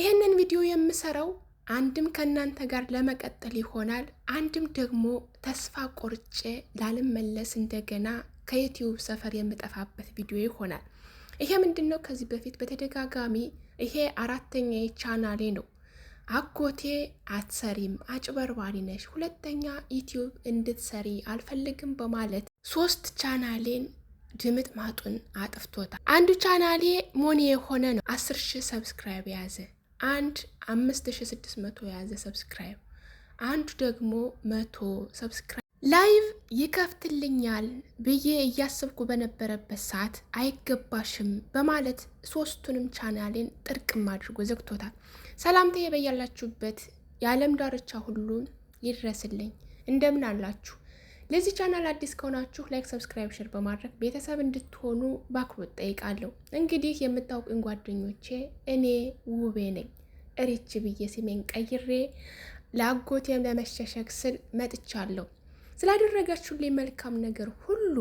ይህንን ቪዲዮ የምሰራው አንድም ከእናንተ ጋር ለመቀጠል ይሆናል፣ አንድም ደግሞ ተስፋ ቆርጬ ላልመለስ እንደገና ከዩትዩብ ሰፈር የምጠፋበት ቪዲዮ ይሆናል። ይሄ ምንድን ነው? ከዚህ በፊት በተደጋጋሚ ይሄ አራተኛ ቻናሌ ነው። አጎቴ አትሰሪም፣ አጭበርባሪ ነሽ፣ ሁለተኛ ዩትዩብ እንድትሰሪ አልፈልግም በማለት ሶስት ቻናሌን ድምጥ ማጡን አጥፍቶታል። አንዱ ቻናሌ ሞኒ የሆነ ነው፣ አስር ሺህ ሰብስክራይብ የያዘ አንድ አምስት ሺ ስድስት መቶ የያዘ ሰብስክራይብ፣ አንዱ ደግሞ መቶ ሰብስክራይብ ላይቭ ይከፍትልኛል ብዬ እያሰብኩ በነበረበት ሰዓት አይገባሽም በማለት ሶስቱንም ቻናሌን ጥርቅም አድርጎ ዘግቶታል። ሰላምታዬ በያላችሁበት የዓለም ዳርቻ ሁሉ ይድረስልኝ። እንደምን አላችሁ? ለዚህ ቻናል አዲስ ከሆናችሁ ላይክ፣ ሰብስክራይብ፣ ሼር በማድረግ ቤተሰብ እንድትሆኑ በአክብሮት ጠይቃለሁ። እንግዲህ የምታውቁኝ ጓደኞቼ እኔ ውቤ ነኝ እሬች ብዬ ስሜን ቀይሬ ለአጎቴም ለመሸሸግ ስል መጥቻለሁ። ስላደረጋችሁልኝ መልካም ነገር ሁሉ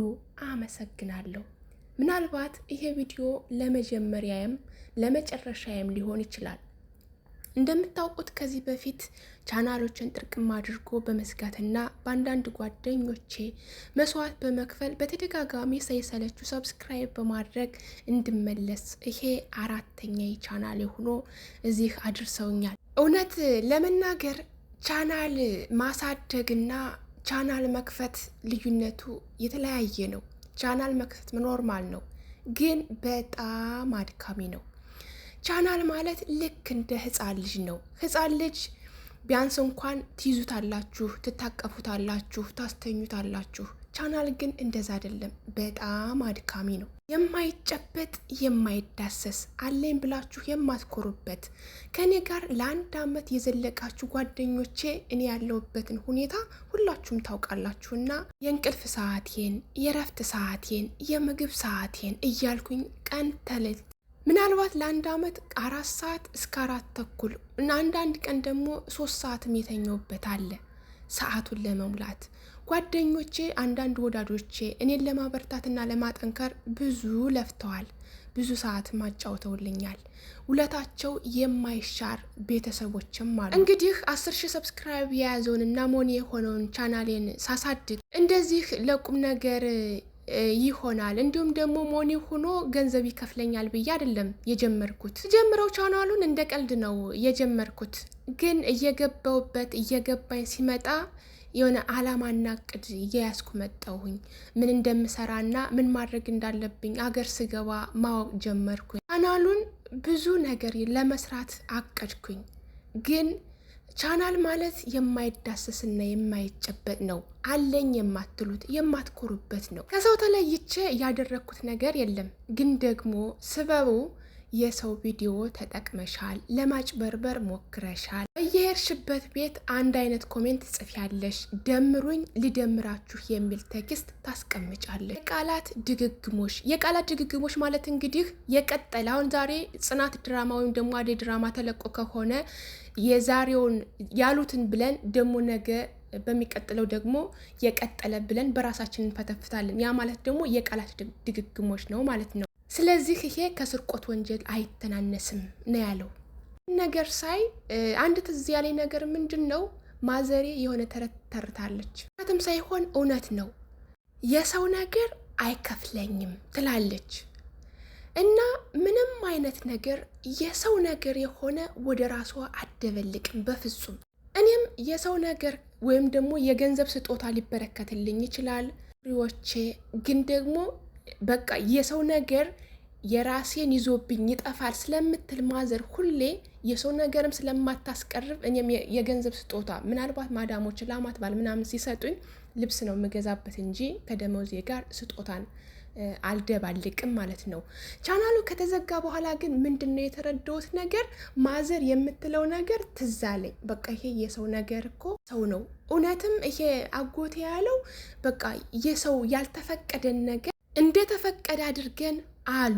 አመሰግናለሁ። ምናልባት ይሄ ቪዲዮ ለመጀመሪያም ለመጨረሻም ሊሆን ይችላል። እንደምታውቁት ከዚህ በፊት ቻናሎችን ጥርቅም አድርጎ በመዝጋትና በአንዳንድ ጓደኞቼ መስዋዕት በመክፈል በተደጋጋሚ ሳይሰለቹ ሰብስክራይብ በማድረግ እንድመለስ ይሄ አራተኛ ቻናል ሆኖ እዚህ አድርሰውኛል። እውነት ለመናገር ቻናል ማሳደግና ቻናል መክፈት ልዩነቱ የተለያየ ነው። ቻናል መክፈት ኖርማል ነው፣ ግን በጣም አድካሚ ነው። ቻናል ማለት ልክ እንደ ህፃን ልጅ ነው። ህፃን ልጅ ቢያንስ እንኳን ትይዙታላችሁ፣ ትታቀፉታላችሁ፣ ታስተኙታላችሁ። ቻናል ግን እንደዛ አይደለም። በጣም አድካሚ ነው። የማይጨበጥ የማይዳሰስ አለኝ ብላችሁ የማትኮሩበት ከእኔ ጋር ለአንድ አመት የዘለቃችሁ ጓደኞቼ እኔ ያለሁበትን ሁኔታ ሁላችሁም ታውቃላችሁና የእንቅልፍ ሰዓቴን፣ የእረፍት ሰዓቴን፣ የምግብ ሰዓቴን እያልኩኝ ቀን ተሌት ምናልባት ለአንድ አመት አራት ሰዓት እስከ አራት ተኩል እና አንዳንድ ቀን ደግሞ ሶስት ሰዓትም የተኛውበት አለ። ሰዓቱን ለመሙላት ጓደኞቼ፣ አንዳንድ ወዳጆቼ እኔን ለማበርታትና ለማጠንከር ብዙ ለፍተዋል። ብዙ ሰዓትም አጫውተውልኛል። ውለታቸው የማይሻር ቤተሰቦችም አሉ። እንግዲህ አስር ሺህ ሰብስክራይብ የያዘውንና ሞኒ የሆነውን ቻናሌን ሳሳድግ እንደዚህ ለቁም ነገር ይሆናል እንዲሁም ደግሞ ሞኒ ሆኖ ገንዘብ ይከፍለኛል ብዬ አይደለም የጀመርኩት። ጀምረው ቻናሉን እንደ ቀልድ ነው የጀመርኩት፣ ግን እየገባውበት እየገባኝ ሲመጣ የሆነ አላማና እቅድ እየያዝኩ መጣሁኝ። ምን እንደምሰራና ምን ማድረግ እንዳለብኝ አገር ስገባ ማወቅ ጀመርኩኝ። ቻናሉን ብዙ ነገር ለመስራት አቀድኩኝ ግን ቻናል ማለት የማይዳሰስና የማይጨበጥ ነው። አለኝ የማትሉት የማትኮሩበት ነው። ከሰው ተለይቼ ያደረግኩት ነገር የለም። ግን ደግሞ ስበቡ የሰው ቪዲዮ ተጠቅመሻል፣ ለማጭበርበር ሞክረሻል፣ በየሄድሽበት ቤት አንድ አይነት ኮሜንት ጽፊያለሽ፣ ደምሩኝ ልደምራችሁ የሚል ቴክስት ታስቀምጫለሽ። የቃላት ድግግሞሽ የቃላት ድግግሞሽ ማለት እንግዲህ የቀጠለ አሁን ዛሬ ጽናት ድራማ ወይም ደግሞ አደይ ድራማ ተለቆ ከሆነ የዛሬውን ያሉትን ብለን ደግሞ ነገ በሚቀጥለው ደግሞ የቀጠለ ብለን በራሳችን እንፈተፍታለን። ያ ማለት ደግሞ የቃላት ድግግሞች ነው ማለት ነው። ስለዚህ ይሄ ከስርቆት ወንጀል አይተናነስም ነው ያለው ነገር ሳይ አንድ ትዝ ያለኝ ነገር ምንድን ነው ማዘሬ የሆነ ተረት ተርታለች። ትም ሳይሆን እውነት ነው። የሰው ነገር አይከፍለኝም ትላለች። እና ምንም አይነት ነገር የሰው ነገር የሆነ ወደ ራሷ አደበልቅም በፍጹም። እኔም የሰው ነገር ወይም ደግሞ የገንዘብ ስጦታ ሊበረከትልኝ ይችላል ሪዎቼ ግን ደግሞ በቃ የሰው ነገር የራሴን ይዞብኝ ይጠፋል ስለምትል ማዘር ሁሌ የሰው ነገርም ስለማታስቀርብ እኔም የገንዘብ ስጦታ ምናልባት ማዳሞች ላማት ባል ምናምን ሲሰጡኝ ልብስ ነው የምገዛበት እንጂ ከደመወዜ ጋር ስጦታን አልደባልቅም ማለት ነው። ቻናሉ ከተዘጋ በኋላ ግን ምንድን ነው የተረዳሁት ነገር ማዘር የምትለው ነገር ትዝ አለኝ። በቃ ይሄ የሰው ነገር እኮ ሰው ነው። እውነትም ይሄ አጎቴ ያለው በቃ የሰው ያልተፈቀደን ነገር እንደተፈቀደ አድርገን አሉ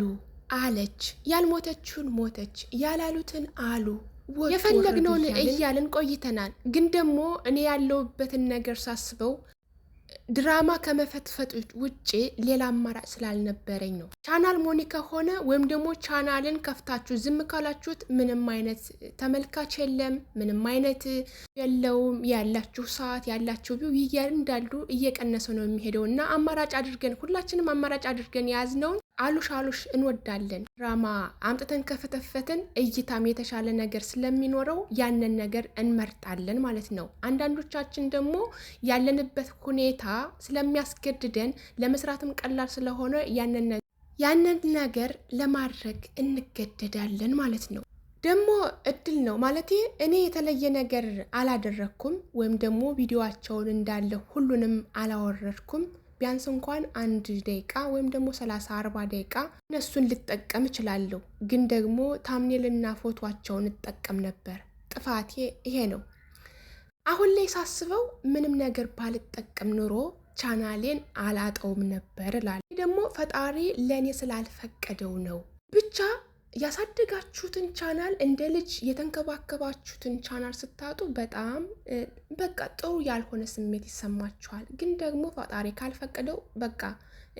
አለች። ያልሞተችውን ሞተች፣ ያላሉትን አሉ የፈለግነውን እያልን ቆይተናል። ግን ደግሞ እኔ ያለሁበትን ነገር ሳስበው ድራማ ከመፈትፈት ውጭ ሌላ አማራጭ ስላልነበረኝ ነው። ቻናል ሞኒ ከሆነ ወይም ደግሞ ቻናልን ከፍታችሁ ዝም ካላችሁት ምንም አይነት ተመልካች የለም፣ ምንም አይነት የለውም። ያላችሁ ሰዓት ያላችሁ ቢው ይያል እንዳሉ እየቀነሰ ነው የሚሄደው እና አማራጭ አድርገን ሁላችንም አማራጭ አድርገን የያዝነውን አሉሽ አሉሽ እንወዳለን ድራማ አምጥተን ከፈተፈትን እይታም የተሻለ ነገር ስለሚኖረው ያንን ነገር እንመርጣለን ማለት ነው። አንዳንዶቻችን ደግሞ ያለንበት ሁኔታ ስለሚያስገድደን ለመስራትም ቀላል ስለሆነ ያንን ነገር ለማድረግ እንገደዳለን ማለት ነው። ደግሞ እድል ነው ማለት እኔ የተለየ ነገር አላደረግኩም ወይም ደግሞ ቪዲዮዋቸውን እንዳለ ሁሉንም አላወረድኩም ቢያንስ እንኳን አንድ ደቂቃ ወይም ደግሞ 30 አርባ ደቂቃ እነሱን ልጠቀም እችላለሁ። ግን ደግሞ ታምኔልና ፎቶቸውን እጠቀም ነበር። ጥፋቴ ይሄ ነው። አሁን ላይ ሳስበው ምንም ነገር ባልጠቀም ኑሮ ቻናሌን አላጠውም ነበር እላለሁ። ደግሞ ፈጣሪ ለእኔ ስላልፈቀደው ነው ብቻ ያሳደጋችሁትን ቻናል እንደ ልጅ የተንከባከባችሁትን ቻናል ስታጡ በጣም በቃ ጥሩ ያልሆነ ስሜት ይሰማችኋል። ግን ደግሞ ፈጣሪ ካልፈቀደው በቃ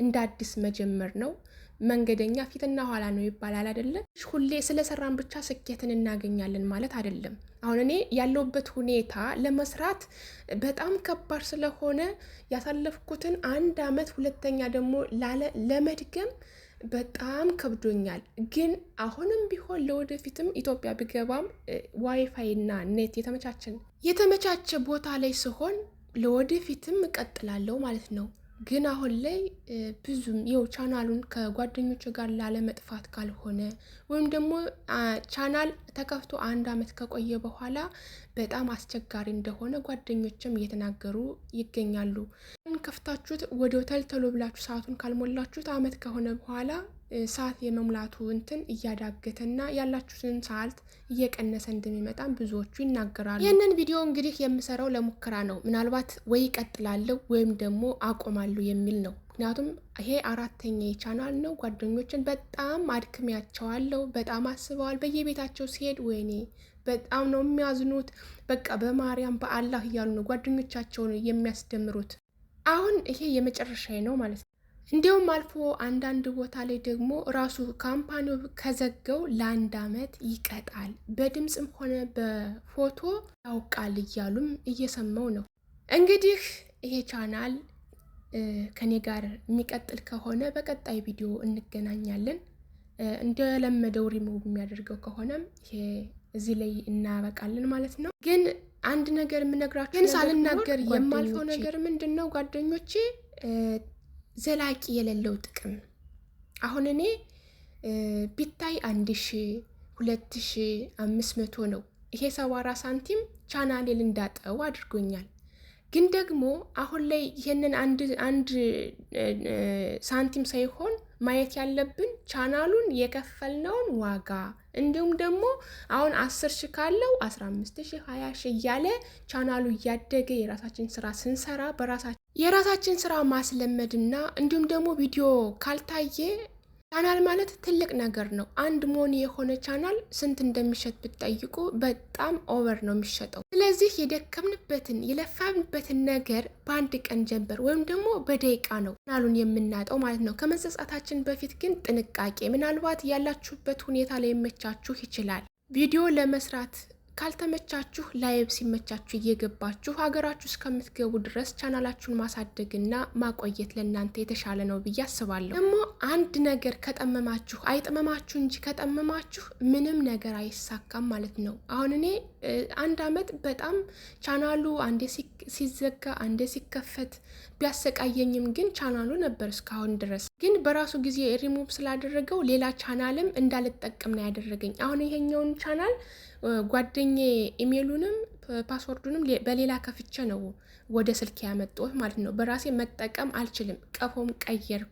እንደ አዲስ መጀመር ነው። መንገደኛ ፊትና ኋላ ነው ይባላል አይደለም። ሁሌ ስለሰራን ብቻ ስኬትን እናገኛለን ማለት አይደለም። አሁን እኔ ያለውበት ሁኔታ ለመስራት በጣም ከባድ ስለሆነ ያሳለፍኩትን አንድ አመት ሁለተኛ ደግሞ ለመድገም በጣም ከብዶኛል። ግን አሁንም ቢሆን ለወደፊትም ኢትዮጵያ ብገባም ዋይፋይ እና ኔት የተመቻችን የተመቻቸ ቦታ ላይ ስሆን ለወደፊትም እቀጥላለሁ ማለት ነው። ግን አሁን ላይ ብዙም ይኸው ቻናሉን ከጓደኞች ጋር ላለመጥፋት ካልሆነ ወይም ደግሞ ቻናል ተከፍቶ አንድ ዓመት ከቆየ በኋላ በጣም አስቸጋሪ እንደሆነ ጓደኞችም እየተናገሩ ይገኛሉ። ከፍታችሁት ወዲያው ተልተሎ ብላችሁ ሰዓቱን ካልሞላችሁት ዓመት ከሆነ በኋላ ሰዓት የመሙላቱ እንትን እያዳገተና ያላችሁትን ሰዓት እየቀነሰ እንደሚመጣም ብዙዎቹ ይናገራሉ። ይህንን ቪዲዮ እንግዲህ የምሰራው ለሙከራ ነው። ምናልባት ወይ ይቀጥላለሁ ወይም ደግሞ አቆማለሁ የሚል ነው። ምክንያቱም ይሄ አራተኛ የቻናል ነው። ጓደኞችን በጣም አድክሜያቸዋለሁ። በጣም አስበዋል። በየቤታቸው ሲሄድ ወይኔ በጣም ነው የሚያዝኑት። በቃ በማርያም በአላህ እያሉ ነው ጓደኞቻቸውን የሚያስደምሩት። አሁን ይሄ የመጨረሻ ነው ማለት ነው። እንዲሁም አልፎ አንዳንድ ቦታ ላይ ደግሞ ራሱ ካምፓኒው ከዘገው ለአንድ ዓመት ይቀጣል፣ በድምፅም ሆነ በፎቶ ያውቃል እያሉም እየሰማው ነው። እንግዲህ ይሄ ቻናል ከኔ ጋር የሚቀጥል ከሆነ በቀጣይ ቪዲዮ እንገናኛለን። እንደለመደው ሪሞቭ የሚያደርገው ከሆነም ይሄ እዚህ ላይ እናበቃለን ማለት ነው። ግን አንድ ነገር የምነግራችሁ ግን ሳልናገር የማልፈው ነገር ምንድን ነው ጓደኞቼ ዘላቂ የሌለው ጥቅም። አሁን እኔ ቢታይ አንድ ሺ ሁለት ሺ አምስት መቶ ነው። ይሄ ሰባ ሳንቲም ቻናሌን እንዳጠው አድርጎኛል። ግን ደግሞ አሁን ላይ ይህንን አንድ አንድ ሳንቲም ሳይሆን ማየት ያለብን ቻናሉን የከፈልነውን ዋጋ እንዲሁም ደግሞ አሁን አስር ሺ ካለው አስራ አምስት ሺ ሀያ ሺ እያለ ቻናሉ እያደገ የራሳችን ስራ ስንሰራ በራሳችን የራሳችን ስራ ማስለመድና እንዲሁም ደግሞ ቪዲዮ ካልታየ ቻናል ማለት ትልቅ ነገር ነው። አንድ ሞኒ የሆነ ቻናል ስንት እንደሚሸጥ ብትጠይቁ በጣም ኦቨር ነው የሚሸጠው። ስለዚህ የደከምንበትን የለፋንበትን ነገር በአንድ ቀን ጀንበር ወይም ደግሞ በደቂቃ ነው ቻናሉን የምናጠው ማለት ነው። ከመጸጻታችን በፊት ግን ጥንቃቄ፣ ምናልባት ያላችሁበት ሁኔታ መቻችሁ ይችላል ቪዲዮ ለመስራት ካልተመቻችሁ ላይብ ሲመቻችሁ እየገባችሁ ሀገራችሁ እስከምትገቡ ድረስ ቻናላችሁን ማሳደግና ማቆየት ለእናንተ የተሻለ ነው ብዬ አስባለሁ። ደግሞ አንድ ነገር ከጠመማችሁ አይጠመማችሁ እንጂ ከጠመማችሁ ምንም ነገር አይሳካም ማለት ነው። አሁን እኔ አንድ አመት በጣም ቻናሉ አንዴ ሲ ሲዘጋ አንዴ ሲከፈት ቢያሰቃየኝም ግን ቻናሉ ነበር እስካሁን ድረስ። ግን በራሱ ጊዜ ሪሙቭ ስላደረገው ሌላ ቻናልም እንዳልጠቀም ነው ያደረገኝ። አሁን ይሄኛውን ቻናል ጓደኜ ኢሜሉንም ፓስወርዱንም በሌላ ከፍቼ ነው ወደ ስልክ ያመጣሁት ማለት ነው። በራሴ መጠቀም አልችልም። ቀፎም ቀየርኩ።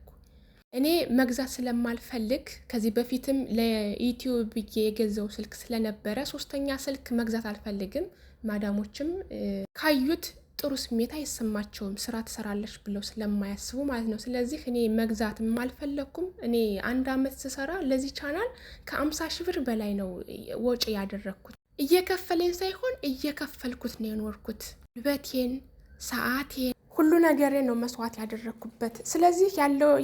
እኔ መግዛት ስለማልፈልግ ከዚህ በፊትም ለዩቲዩብ ብዬ የገዛው ስልክ ስለነበረ ሶስተኛ ስልክ መግዛት አልፈልግም። ማዳሞችም ካዩት ጥሩ ስሜት አይሰማቸውም ስራ ትሰራለች ብለው ስለማያስቡ ማለት ነው። ስለዚህ እኔ መግዛት አልፈለግኩም። እኔ አንድ አመት ስሰራ ለዚህ ቻናል ከአምሳ ሺህ ብር በላይ ነው ወጪ ያደረግኩት። እየከፈለኝ ሳይሆን እየከፈልኩት ነው የኖርኩት። ጉልበቴን፣ ሰዓቴን ሁሉ ነገሬ ነው መስዋዕት ያደረግኩበት። ስለዚህ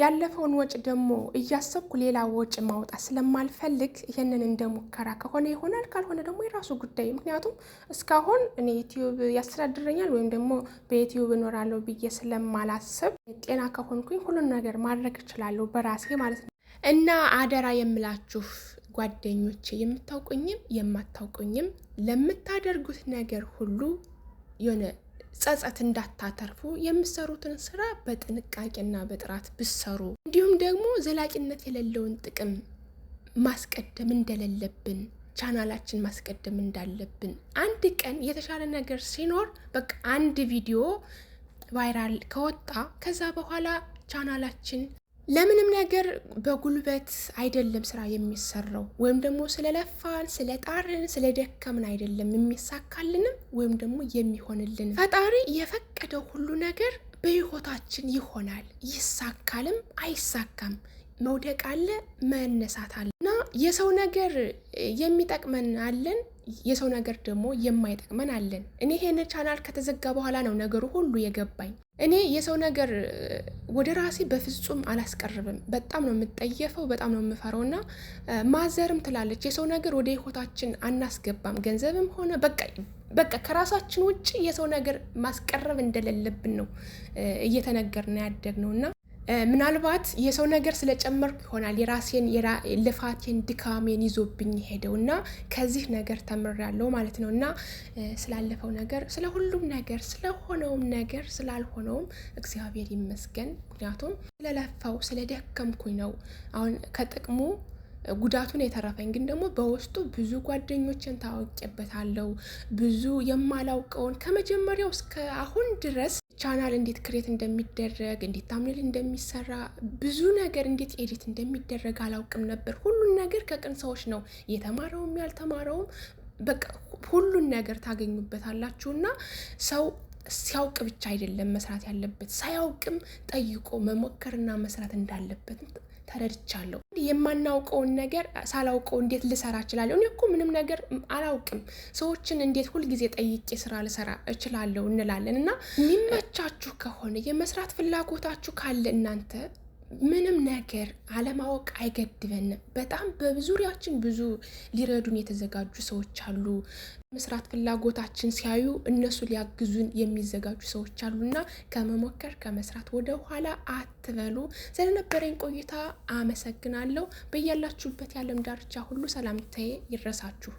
ያለፈውን ወጪ ደግሞ እያሰብኩ ሌላ ወጪ ማውጣት ስለማልፈልግ ይህንን እንደ ሙከራ ከሆነ ይሆናል፣ ካልሆነ ደግሞ የራሱ ጉዳይ። ምክንያቱም እስካሁን እኔ ዩቲዩብ ያስተዳድረኛል ወይም ደግሞ በዩቲዩብ እኖራለሁ ብዬ ስለማላስብ ጤና ከሆንኩኝ ሁሉን ነገር ማድረግ እችላለሁ በራሴ ማለት ነው። እና አደራ የምላችሁ ጓደኞቼ፣ የምታውቁኝም የማታውቁኝም ለምታደርጉት ነገር ሁሉ የሆነ ጸጸት እንዳታተርፉ የምሰሩትን ስራ በጥንቃቄና በጥራት ብሰሩ፣ እንዲሁም ደግሞ ዘላቂነት የሌለውን ጥቅም ማስቀደም እንደሌለብን ቻናላችን ማስቀደም እንዳለብን አንድ ቀን የተሻለ ነገር ሲኖር በቃ አንድ ቪዲዮ ቫይራል ከወጣ ከዛ በኋላ ቻናላችን ለምንም ነገር በጉልበት አይደለም ስራ የሚሰራው ወይም ደግሞ ስለለፋን ስለጣርን ስለደከምን አይደለም የሚሳካልንም ወይም ደግሞ የሚሆንልን። ፈጣሪ የፈቀደው ሁሉ ነገር በህይወታችን ይሆናል። ይሳካልም አይሳካም፣ መውደቅ አለ መነሳት አለ እና የሰው ነገር የሚጠቅመን አለን የሰው ነገር ደግሞ የማይጠቅመን አለን። እኔ ይሄን ቻናል ከተዘጋ በኋላ ነው ነገሩ ሁሉ የገባኝ። እኔ የሰው ነገር ወደ ራሴ በፍጹም አላስቀርብም። በጣም ነው የምጠየፈው፣ በጣም ነው የምፈረው። እና ማዘርም ትላለች የሰው ነገር ወደ ህይወታችን አናስገባም፣ ገንዘብም ሆነ በቃ በቃ ከራሳችን ውጭ የሰው ነገር ማስቀረብ እንደሌለብን ነው እየተነገርን ነው እና ምናልባት የሰው ነገር ስለጨመርኩ ይሆናል የራሴን ልፋቴን ድካሜን ይዞብኝ ሄደው እና ከዚህ ነገር ተምሬያለሁ ማለት ነው። እና ስላለፈው ነገር፣ ስለ ሁሉም ነገር፣ ስለሆነውም ነገር ስላልሆነውም እግዚአብሔር ይመስገን። ምክንያቱም ስለለፋው ስለደከምኩኝ ነው አሁን ከጥቅሙ ጉዳቱን የተረፈኝ ግን ደግሞ በውስጡ ብዙ ጓደኞችን ታወቅበታለሁ። ብዙ የማላውቀውን ከመጀመሪያው እስከ አሁን ድረስ ቻናል እንዴት ክሬት እንደሚደረግ እንዴት ታምኔል እንደሚሰራ ብዙ ነገር እንዴት ኤዲት እንደሚደረግ አላውቅም ነበር። ሁሉን ነገር ከቅን ሰዎች ነው የተማረውም ያልተማረውም በቃ ሁሉን ነገር ታገኙበታላችሁና ሰው ሲያውቅ ብቻ አይደለም መስራት ያለበት፣ ሳያውቅም ጠይቆ መሞከርና መስራት እንዳለበት ተረድቻለሁ። የማናውቀውን ነገር ሳላውቀው እንዴት ልሰራ እችላለሁ? እኔ እኮ ምንም ነገር አላውቅም። ሰዎችን እንዴት ሁልጊዜ ጠይቄ ስራ ልሰራ እችላለሁ እንላለን። እና የሚመቻችሁ ከሆነ የመስራት ፍላጎታችሁ ካለ እናንተ ምንም ነገር አለማወቅ አይገድበንም። በጣም በዙሪያችን ብዙ ሊረዱን የተዘጋጁ ሰዎች አሉ። መስራት ፍላጎታችን ሲያዩ እነሱ ሊያግዙን የሚዘጋጁ ሰዎች እና ከመሞከር ከመስራት ወደ ኋላ አትበሉ። ስለነበረኝ ቆይታ አመሰግናለሁ። በያላችሁበት የዓለም ዳርቻ ሁሉ ሰላምታዬ ይድረሳችሁ።